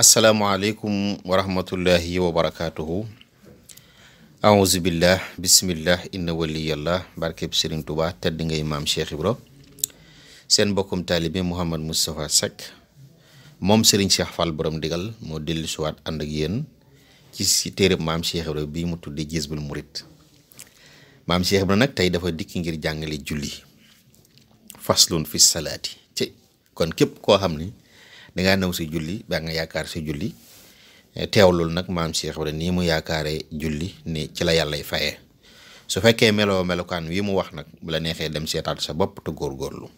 asalaamualeykum wa rahmatullahi wa barakaatuhu aouzubillah bisimillah inna waliyallah barkeb Sëriñ Tuubaa tedd ngay maam Cheikh Ibra seen bokkum taalibe Mouhamed Moustapha Seck moom Sëriñ Cheikh Fall borom digal moo dellu siwaat ànd ak yéen ci si téereb maam Cheikh Ibra bii mu tudde Jazbul Murid maam Cheikh Ibra nag tey dafa dikk ngir jàngale julli faslun fi salaati ci kon képp koo xam ni da ngaa naw si julli ba nga yaakaar si julli eh, teewlul nag maam Cheikh Ibra nii mu yaakaaree julli ni ci la yàlla yàllay fayee su fekkee meloo melokaan wi mu wax nag bu la neexee dem seetaat sa bopp te góorlu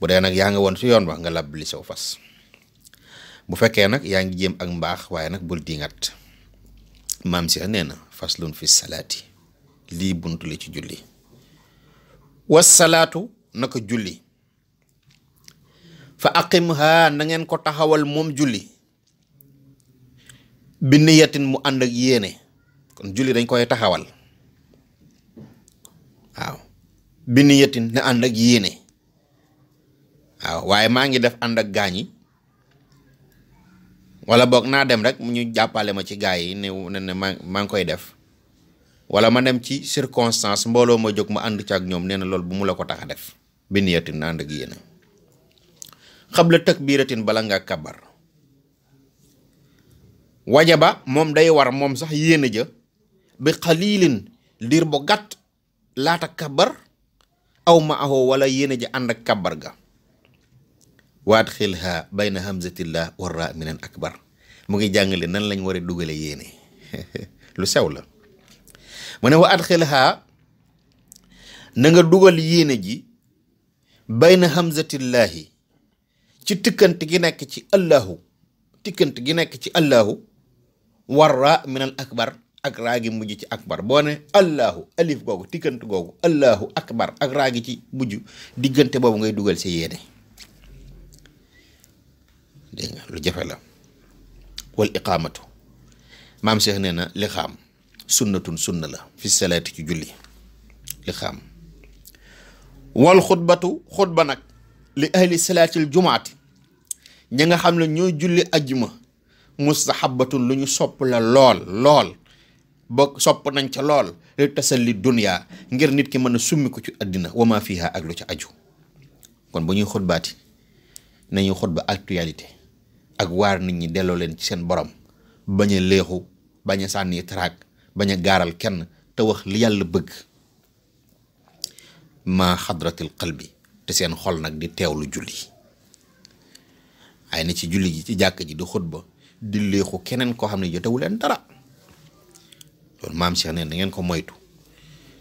bu dee nag yaa nga woon si yoon wax nga làbbali saw fas bu fekkee nag yaa ngi jéem ak mbaax waaye nag bul dingat maam Cheikh nee fas faslun fi salaati lii buntu la ci julli wasalaatu naka julli fa aqimha na ngeen ko taxawal moom julli bi niyatin mu ànd ak yéene kon julli dañ koy taxawal waaw bi niyatin na ànd ak yéene waaw waaye maa ngi def ànd ak yi wala boog naa dem rek ñu jàppale ma ci gaa yi ne ne ma maa ngi koy def wala ma ci circonstance mbooloo ma jóg ma ànd ci ak ñoom nee na loolu bu mu la ko tax a def bind niyatin na ànd ak xabla takbiratin bala ngaa kabar wajaba moom day war moom sax yéen a ja bi xalilin diir bu gàtt laata kabar aw ma ahoo wala yéen a ja ànd kabar ga waat xilha bayna hamzatillah war ra minan akbar mu ngi jàngale nan lañ war a dugale yéene lu sew la mu ne wa adxilha na nga dugal yéene ji bayna hamzatillahi ci tikkant gi nekk ci allahu tikkant gi nekk ci allahu war raa min akbar ak mujj ci akbar boo ne allahu alif googu tikkant googu allahu akbar ak gi ci mujj diggante boobu ngay dugal si yéene dégg lu jafe la wal iqaamatu maam Cheikh nee na li xaam sunnatun sunna la fi salaati ci julli li xaam wal xutbatu xutba nag li ahli salaatil jumaati ñi nga xam ne ñoo julli ajjuma mustahabatun lu ñu sopp la lool lool ba sopp nañ ca lool li tasalli dunya ngir nit ki mën a summi ci àddina wama fiha ak lu ca aju kon bu ñuy xutbaati nañu xutba actualité ak waar nit ñi delloo leen ci seen borom bañ a leexu bañ a sànni traak bañ a gaaral kenn te wax li yàlla bëgg maa xadratil qalbi te seen xol nag di teew lu julli ay na ci julli ji ci jàkk ji di xutba di keneen koo xam ne jotewu leen dara loolu maam Cheikh neen da ngeen ko moytu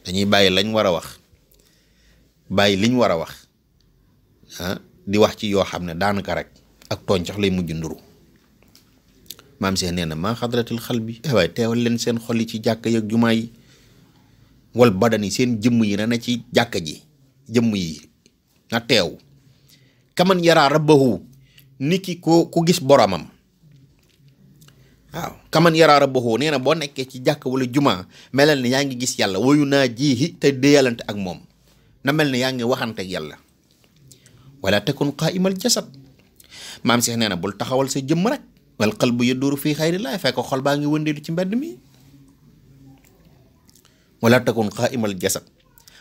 dañuy bàyyi lañ war a wax bàyyi liñ war a wax ah, di wax ci yoo xam ne daanaka rek ak tooñ lay mujju nduru maam Cheikh nee na maa xadratil xal bi eh teewal leen seen xol ci jàkk yi ak jumaa yi wal badan seen jëmm yi na ne ci jàkk ji jëmm yi na teew kaman yaraa rabbahu nit ki ko ku gis boromam waaw kaman yaraara boxoo nee na boo nekkee ci jàkk wala jumaa melal ne yaa ngi gis yàlla wayu naa jiixi te déyalante ak moom na mel ne yaa ngi waxante ak yàlla wala takun qaimal jasad maam Cheikh na bul taxawal sa jëmm rek wal qalbu yaduru fii xayrillaah fekk xol baa ngi wëndeelu ci mbedd mi wala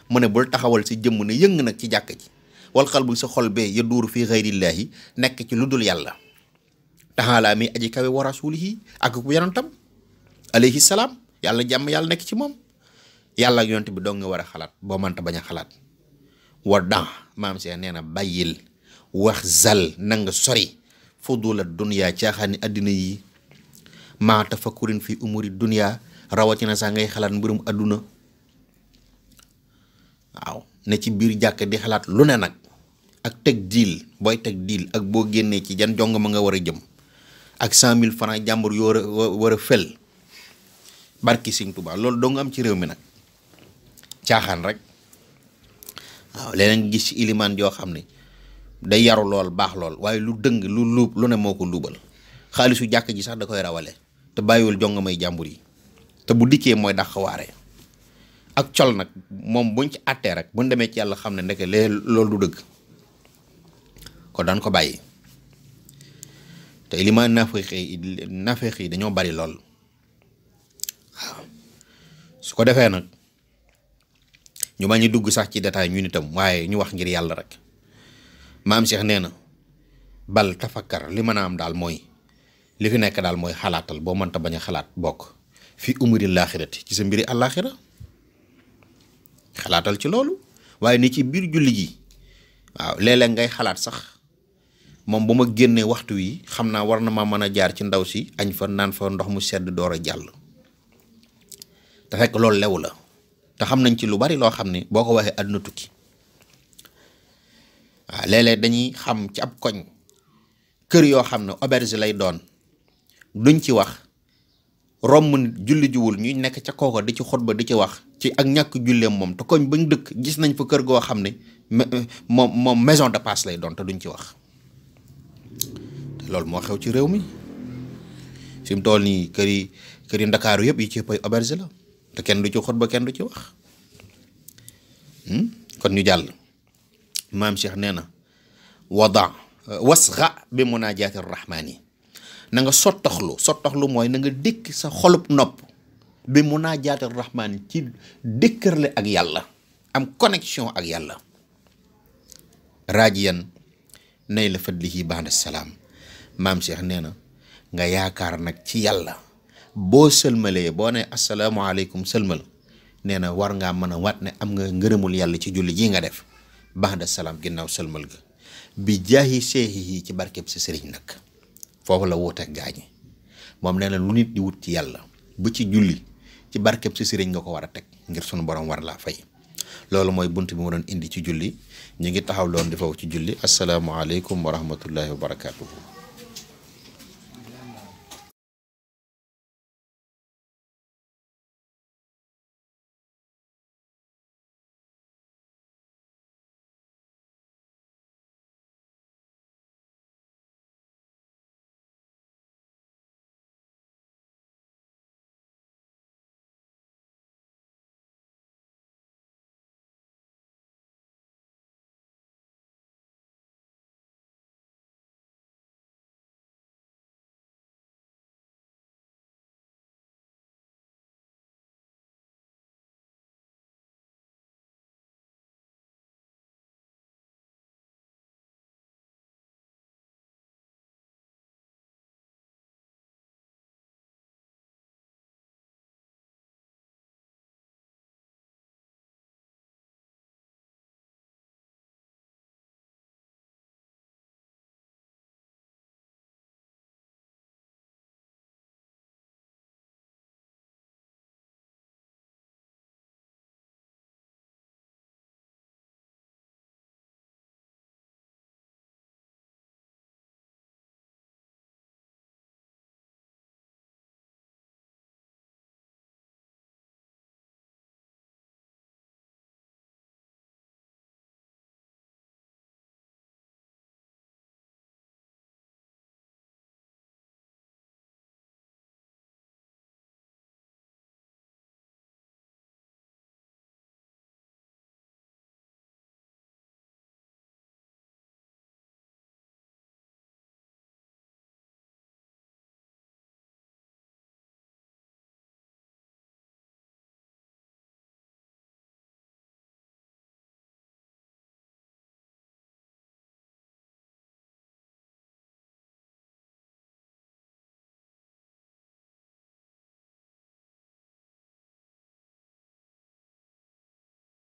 mu ne bul taxawal sa jëmm ne yëng nag ci jàkk ji wal xalbu sa xol bee ya duuru fii xayrillaahi nekk ci lu dul yàlla taxaalaa mi aji kawe wa rasulihi ak bu yonentam alayhi salaam yàlla jàmm yàlla nekk ci moom yàlla ak yonent bi doo nga war a xalaat boo mënta bañ a xalaat wa dan maam see nee na bàyyil wax zal na nga sori fudula dunya caaxaan àddina yi maa tafakkurin fi rawatina sax ngay xalaat mbirum àdduna waaw ne ci biir jàkk di xalaat lu ne nag ak teg diil booy teg diil ak boo génnee ci jan jong ma nga war a jëm ak cent mille francs jàmbur yoo war war a fel barki Sëñ Tuubaa loolu doo nga am ci réew mi nag caaxaan rek waaw leneen gis ci ilimaan yoo xam ne day yaru lool baax lool waaye lu dëng lu luub lu ne moo ko luubal xaalisu jàkk ji sax da koy rawale te bàyyiwul jong may jàmbur yi te bu dikkee mooy dàq waare ak col nag moom buñ ci àttee rek buñ demee ci yàlla xam ne ndeke lee loolu du dëgg kon daan ko bàyyi te li ma xëy yi nafeq yi dañoo bari lool waaw su ko defee nag ñu ma dugg sax ci détail ñu nitam waaye ñu wax ngir yàlla rek maam Cheikh nee na bal tafakkar li mën a am daal mooy li fi nekk daal mooy xalaatal boo mënta bañ a xalaat bokk fi umuril laaxirati ci sa mbiri àllaaxira xalaatal ci loolu waaye ni ci biir julli gi waaw léeg ngay xalaat sax moom bu ma génnee waxtu wi xam naa war na ma mën a jaar ci ndaw si añ fa naan fa ndox mu sedd door a jàll te fekk loolu lewu la te xam nañ ci lu bari loo xam ne boo ko waxee àdduna tukki waaw léeg dañuy xam ci ab koñ kër yoo xam ne auberge lay doon duñ ci wax romb julli jiwul ñuy nekk ca kooka di ci xutba di ci wax ci ak ñàkk julleem moom te koñ bañ dëkk gis nañ fa kër goo xam ne euh, moom moom maison de passe lay doon te duñ ci wax te loolu moo xew ci réew mi fi mu toll nii kër yi kër yi ndakaaru yëpp yi ci ëpp ay la te kenn du ci xutba kenn du ci wax hmm? kon ñu jàll maam Cheikh nee na wada wasra bi munaajaati yi nanga nga sottaxlu sottaxlu mooy nanga dékk sa xolub nopp bi mu naa jaatal rahmaan ci dëkkërle ak yàlla am connexion ak yàlla raajiyan nay la fadlihi ba'da salaam maam Cheikh nee na nga yaakaar nag ci yàlla boo sëlmalee boo ne asalaamaaleykum sëlmal nee na war ngaa mën a waat ne am nga ngërëmul yàlla ci julli ji nga def ba'da salaam ginnaaw sëlmal ga bi jaahi seexi yi ci barkeb sa sëriñ nag foofu la wuuteeg gaa ñi moom nee na lu nit di wut ci yàlla bu ci julli ci barkeb si sëriñ nga ko war a teg ngir suñu borom war laa fay loolu mooy bunt bi mu doon indi ci julli ñu ngi taxaw loon di foofu ci julli asalaamaaleykum wa rahmatullahi wa barakaatuhu.